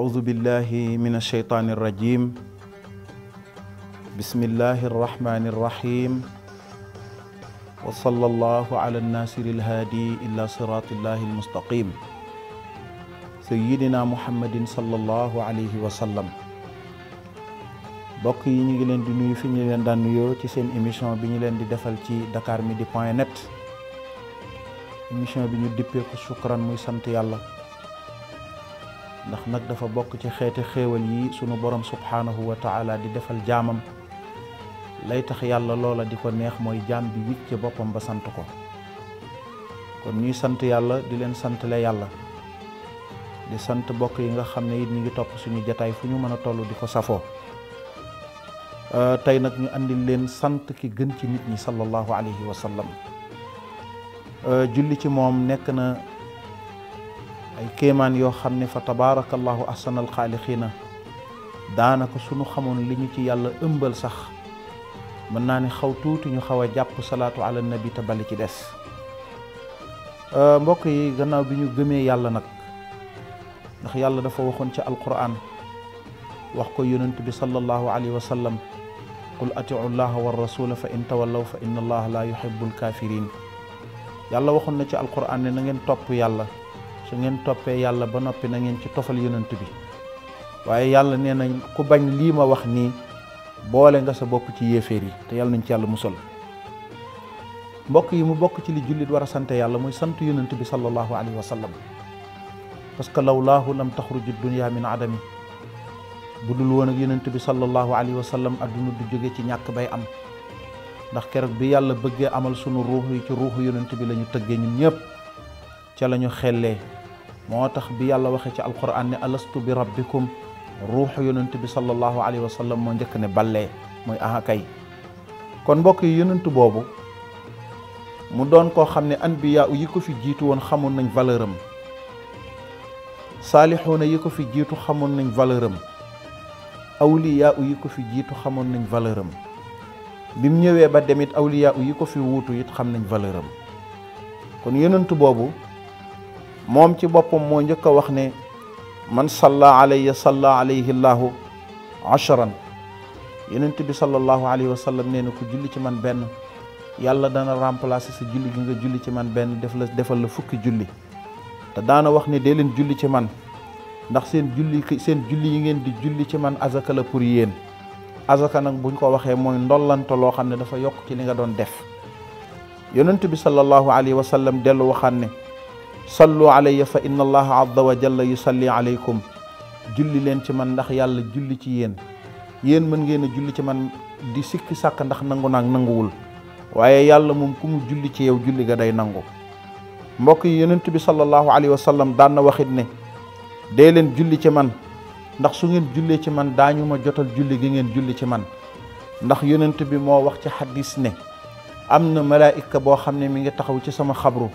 أعوذ بالله من الشيطان الرجيم بسم الله الرحمن الرحيم وصلى الله على الناصر الهادي إلى صراط الله المستقيم سيدنا محمد صلى الله عليه وسلم mbokk yi ñu ngi leen di nuyu fi ñu leen daan nuyoo ci seen émission bi ñu leen di defal ci dakar midi point net émission bi ñu dippee ko muy sant yàlla ndax nag dafa bokk ci xeeti xéewal yi sunu borom subhaanahu wa taala di defal jaamam lay tax yàlla loola di ko neex mooy jaam bi ci boppam ba sant ko kon ñuy sant yàlla di leen sant santale yàlla di sant bokk yi nga xam ne it ñu ngi topp suñu jataay fu ñu mën a toll di ko safoo euh, tey nag ñu indi leen sant ki gën ci nit ñi sallallahu alayhi wa euh, julli ci moom nekk na ay kéemaan yoo xam ne fa tabaarakallahu ahsanal xaaliqiina daanaka sunu xamoon li ñu ci yàlla ëmbal sax mën naa ne xaw tuuti ñu xaw a jàpp salaatu ala nabi te bali ci des euh, mbokk yi gannaaw bi ñu gëmee yàlla nag ndax yàlla dafa waxoon ci alquran wax ko yonent bi sallallahu alayhi wa sallam qul atiu llaha wa rasula fa in tawallaw fa inna allaha la yuhibbul kafirin yàlla waxoon na ci alquran ne na ngeen topp yàlla su ngeen toppee yàlla ba noppi na ngeen ci tofal yonent bi waaye yàlla nee na ku bañ lii ma wax nii boole nga sa bokk ci yéeféer yi te yàlla nañ ci yàlla musal mbokk yi mu bokk ci li jullit war a sant yàlla mooy sant yonent bi sallallahu alayhi wa sallam parce que lawlaahu lam taxruju dunya min adami bu dul woon ak yonent bi sallallahu alayhi wa sallam adduna du jóge ci ñàkk bay am ndax keroog bi yàlla bëggee amal sunu ruux yi ci ruuxu yonent bi la tëggee ñëpp ca la ñu xellee moo tax bi yàlla waxee ci alquran ne alastu bi rabbikum ruuxu yonent bi sallallahu alayhi wa sallam moo njëkk ne ballee muy aha kay kon mbokk yi yonent boobu mu doon ko xam ne anbiya yi ko fi jiitu woon xamoon nañ valeur am saalixuuna yi ko fi jiitu xamoon nañ valeur am awliya yi fi jiitu xamoon nañ valeur bi mu ñëwee ba demit awliya yi ko fi wuutu it xam nañ valeur kon yonent boobu moom ci boppam moo njëkk a wax ne man salla alayya salla alayhi llahu ashran yeneen bi sallallahu alayhi wa sallam nee na ku julli ci man benn yàlla dana remplacer si julli gi nga julli ci man benn def la defal la fukki julli te daana wax ne dee leen julli ci man ndax seen julli seen julli yi ngeen di julli ci man azaka la pour yéen azaka nag buñ ko waxee mooy ndollante loo xam ne dafa yokk ci li nga doon def yonent bi sallallahu alayhi wa sallam dellu waxaan ne sallu alayya fa inna allaha azza wa jalla yusalli alaykum julli leen ci man ndax yàlla julli ci yéen yéen mën ngeen a julli ci man di sikki sàkk ndax nangu naag nanguwul waaye yàlla moom ku mu julli ci yow julli ga day nangu mbokk yi yonent bi sallallahu alayhi wa sallam daan na waxit ne dee leen julli ci man ndax su ngeen jullee ci man daañu ma jotal julli gi ngeen julli ci man ndax yonent bi moo wax ci xadis ne am na malaayika boo xam ne mi ngi taxaw ci sama xabru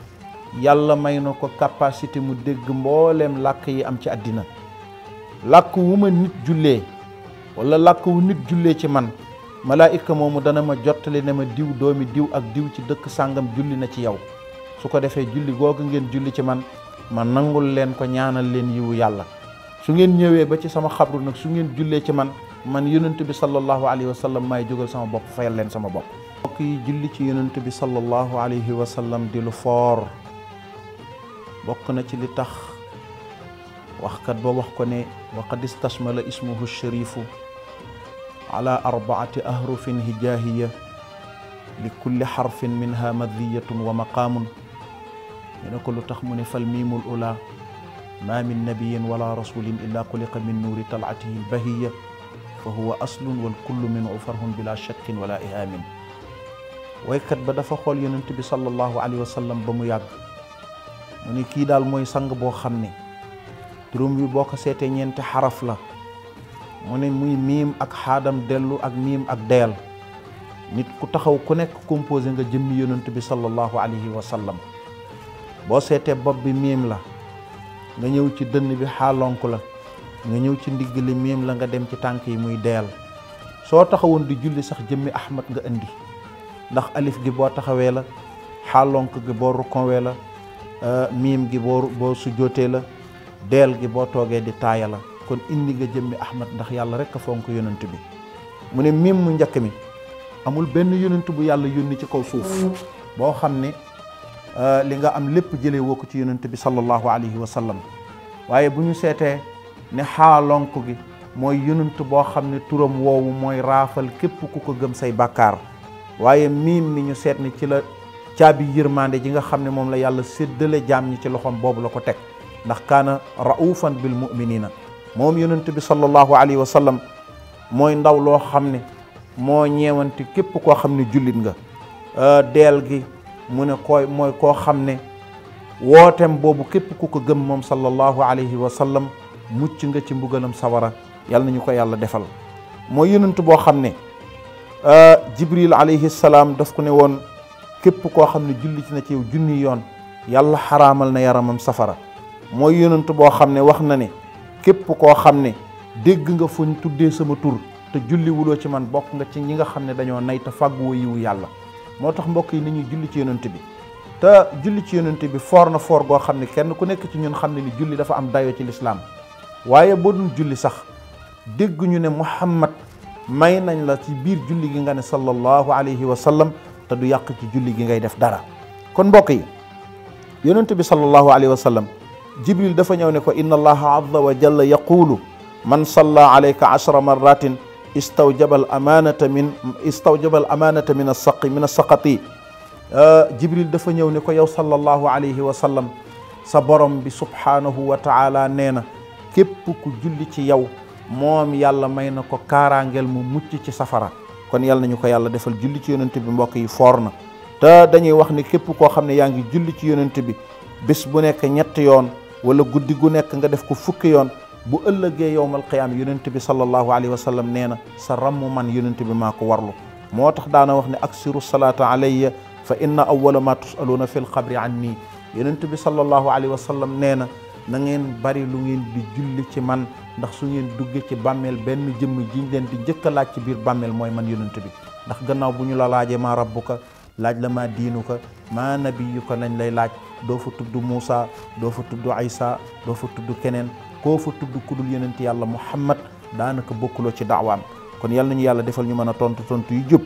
yàlla may na ko capacité mu dégg mbooleem làkk yi am ci àddina làkk wu ma nit jullee wala làkk wu nit jullee ci man malaayika moomu dana ma jottali ne ma diw doomi diw ak diw ci dëkk sàngam julli na ci yow su ko defee julli googu ngeen julli ci man ma nangul leen ko ñaanal leen yiwu yàlla su ngeen ñëwee ba ci sama xabru nag su ngeen jullee ci man man yonent bi sallallahu alayhi wa sallam maay jógal sama bopp fayal leen sama bopp mbokk yi julli foor bokk na ci li tax waxkat ba wax ko ne waqad istasmala ismuhu sharifu ala arbaati ahrufin hijaahiya li kulli xarfin minha madiyatun wa maqaamun ñu ne ko lu tax mu ne fal miimul ula ma min nabiyin wala rasulin illa xuliqa min nuuri talcatihi lbahiya fa huwa aslun walkullu minhu farhun bila shakkin wala ihaamin waykat ba dafa xool yonent bi sallallahu alayhi wa sallam ba mu yàgg mu ne kii daal mooy sang boo xam ne turum bi boo ko seetee ñeenti xaraf la mu ne muy miim ak xaadam dellu ak miim ak dayal nit ku taxaw ku nekk composé nga jëmmi yonent bi sallallahu alayhi wa sallam boo seetee bopp bi miim la nga ñëw ci dënn bi xaalonk la nga ñëw ci ndigg li miim la nga dem ci tànk yi muy dayal soo taxawoon di julli sax jëmmi ahmad nga indi ndax alif gi boo taxawee la xaalonk gi boo rukonwee la Euh, miim gi boo boo sujjootee la deel gi boo toogee di taaya la kon indi nga jëmmi ahmad ndax yàlla rek a fonk yonent bi mu ne miim mu njëkk mi amul benn yonent bu yàlla yónni ci kaw suuf boo xam ne euh, li nga am lépp jële wokk ci yonent bi sallallahu alayhi wa sallam waaye bu ñu seetee ne xaalonk gi mooy yonent boo xam ne turam woowu mooy raafal képp ku ko gëm say bàkkaar waaye miim mi ñu seet ne ci la caabi yërmande ji nga xam ne moom la yàlla séddale jaam ñi ci loxoom boobu la ko teg ndax kaana raufan bil muminina moom yonent bi sallallahu alayhi wa sallam mooy ndaw loo xam ne moo ñeewanti képp koo xam ne jullit nga euh, deel gi mu ne koy mooy koo xam ne wootem boobu képp ku ko gëm moom sallallahu alayhi wa sallam mucc nga ci mbugalam sawara yàlla nañu ko yàlla defal mooy yonent boo xam ne euh, jibril alayhi daf ko ne woon képp koo xam ne julli ci na ci yow junni yoon yàlla xaraamal na yaramam safara mooy yonent boo xam ne wax na ne képp koo xam ne dégg nga fu ñu tuddee sama tur te julli wuloo ci man bokk nga ci ñi nga xam ne dañoo nay te fàgguwoo yiwu yàlla moo tax mbokk yi ni ñuy julli ci yonent bi te julli ci yonent bi foor na foor goo xam ne kenn ku nekk ci ñun xam ne ni julli dafa am dayo ci lislaam waaye boo dul julli sax dégg ñu ne Muhammad may nañ la ci biir julli gi nga ne sallallahu alayhi te du yàq ki julli gi ngay def dara kon mbokk yi yonent bi sallallahu alayhi wa sallam jibril dafa ñëw ne ko inna allaha azza wa jalla yaqulu man salla alayka ashra marratin istawjaba al min istawjaba min asaqi euh, jibril dafa ñëw ne ko yow sallallahu alayhi wa sallam sa borom bi subhaanahu wa taala nee na képp ku julli ci yow moom yàlla may na ko kaaraangeel mu mucc ci safara kon yàlla na ñu ko yàlla defal julli ci yonent bi mbokk yi foor na te dañuy wax ni képp koo xam ne yaa ngi julli ci yonent bi bis bu nekk ñetti yoon wala guddi gu nekk nga def ko fukki yoon bu ëllëgee yowmal qiyaam yonent bi sallallahu alayhi wa sallam nee na sa ramm man yonent bi maa ko warlu moo tax daana wax ne aksiru salaata alayya fa inna awwala ma tusaluuna fi lxabri an nii yonent bi sallallahu alayhi wa sallam nee na na bari lu ngeen man ndax su ngeen duggee ci bàmmeel benn jëmm jiñ leen di njëkk laaj ci biir bàmmeel mooy man yonent bi ndax gannaaw bu ñu la laajee maa rabbuka laaj la maa diinuka maa nabiyuka lañ lay laaj doo fa tudd Moussa doo fa tudd Aïssa doo fa tudd keneen koo fa tudd kudul yonent yàlla Muhammad daanaka bokkuloo ci daawaam kon yal nañu yàlla defal ñu mën a tontu tontu yu jub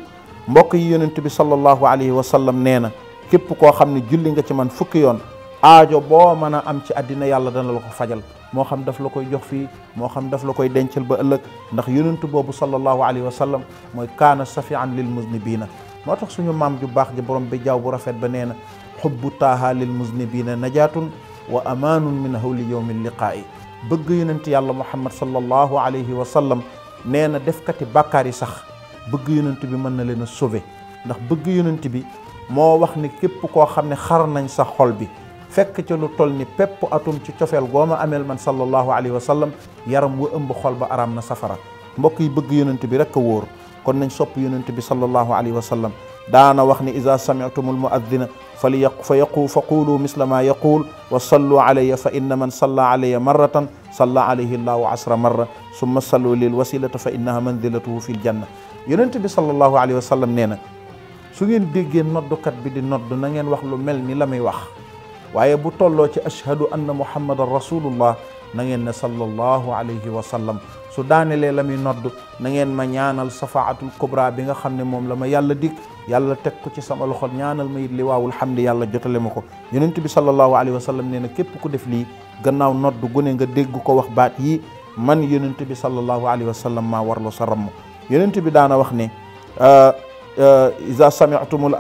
mbokk yi yonent bi sallallahu alayhi wa sallam nee na képp koo xam ne julli nga ci man fukki yoon aajo boo mën a am ci àddina yàlla dana la ko fajal moo xam daf la koy jox fii moo xam daf la koy dencal ba ëllëg ndax yonentu boobu sallallahu alayhi wa sallam mooy kaana safian lil muznibina moo tax suñu maam ju baax ji borom bi jaww bu rafet ba nee na xubbu taaha lil muznibina najaatun wa amaanun min hawli yowmi liqaa'i bëgg yonent yàlla muhammad sallallahu alayhi wa sallam nee na defkati bàkkaar yi sax bëgg yonent bi mën na leen a sauver ndax bëgg yonent bi moo wax ni képp koo xam ne xar nañ sa xol bi fekk ca lu toll ni pépp atum ci cofeel gooma ameel man sallallahu alayhi wa sallam yaram wa ëmb xol ba araam na safara mbokk yi bëgg yonent bi rek a wóor kon nañ sopp yonent bi sallallahu alayhi wa sallam daana wax ni ida samictum almuaddina fali fa yaqu fa quulu misla ma yaquul wa sallu alayya fa inna man salla alayya marratan salla alayhi llahu asra marra summa sallu lil wasilata fa innaha manzilatuhu fi ljanna yonent bi sallallahu alayhi wa sallam nee na su ngeen déggee noddukat bi di nodd na ngeen wax lu mel ni la muy wax waaye bu tolloo ci ashhadu anna muhammadan rasulullah na ngeen ne sallallahu alayhi wa sallam su daanelee la muy nodd na ngeen ma ñaanal safaatul kubra bi nga xam ne moom la ma yàlla dig yalla teg ko ci sama loxo ñaanal ma it li waawul hamdi yàlla jotale ma ko yonent bi sallallahu alayhi wa sallam nee na képp ku def lii gannaaw nodd gu nga dégg ko wax baat yi man yonent bi sallallahu alayhi wa sallam maa warloo sa ramm yonent bi daana wax ne ah, ah, iza sami'tumul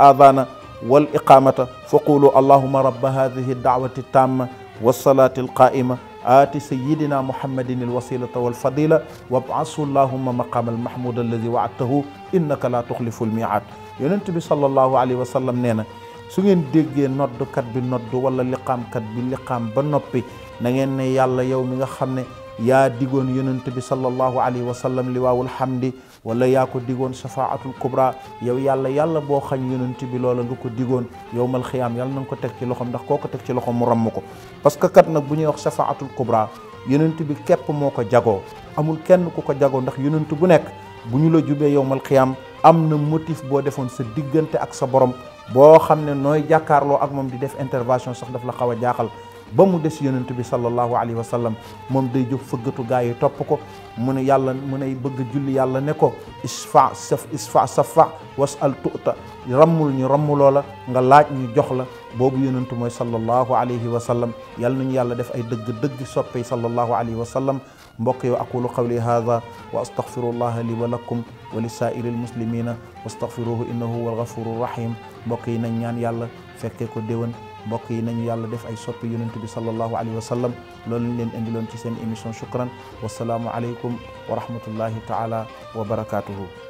wal iqaamata fa qulu allahuma rabba hadihi daawati tamma walsalaati alqaa'ima aati sayidina muhammadin alwasilata walfadila wabcasu allahuma maqaama almahmuud alladi waadtahu innaka laa tuxlifu almiicaad yonent bi sallallahu alayhi wa sallam nee na su ngeen déggee noddkat bi nodd wala liqaamkat bi liqaam ba noppi na ngeen ne yàlla yow mi nga xam ne yaa digoon yonent bi sallallahu alayhi wa sallam liwaawul hamdi wala yaa ko digoon shafaatul kubra yow yàlla yàlla boo xañ yonent bi loola nga ko digoon yowmal xiyaam yàlla na nga ko teg ci loxom ndax koo ko teg ci loxom mu ramm ko parce que kat nag bu ñuy wax shafaatul kubra yonent bi képp moo ko jagoo amul kenn ku ko jagoo ndax yonent bu nekk bu ñu la jubee yowmal xiyaam am na motif boo defoon sa diggante ak sa borom boo xam ne nooy jàkkaarloo ak moom di def intervention sax daf la xaw a jaaxal ba mu des yonent bi sallallahu alayhi wa sallam moom day jóg fëggatu gaa yi topp ko mu ne yàlla mu ne bëgg julli yàlla ne ko isfa saf isfa safa wasal tuuta rammul ñu rammuloo la nga laaj ñu jox la boobu yonent mooy sallallahu alayhi wa sallam yàlla nañu yàlla def ay dëgg-dëgg soppey sallallahu alayhi wa sallam mbokk yi aqulu qawli hada wa astaghfirullaha li wa lakum wa li saa'iril muslimina wastaghfiruhu innahu huwal ghafurur rahim mbokk yi nañ ñaan yàlla fekkee ko déwén mbokk yi nañu yàlla def ay soppi yonent bi sallallahu alayhi wa sallam loolu lañ leen indiloon ci seen émission shukran wasalaamu aleykum wa rahmatullahi taala wa barakatuhu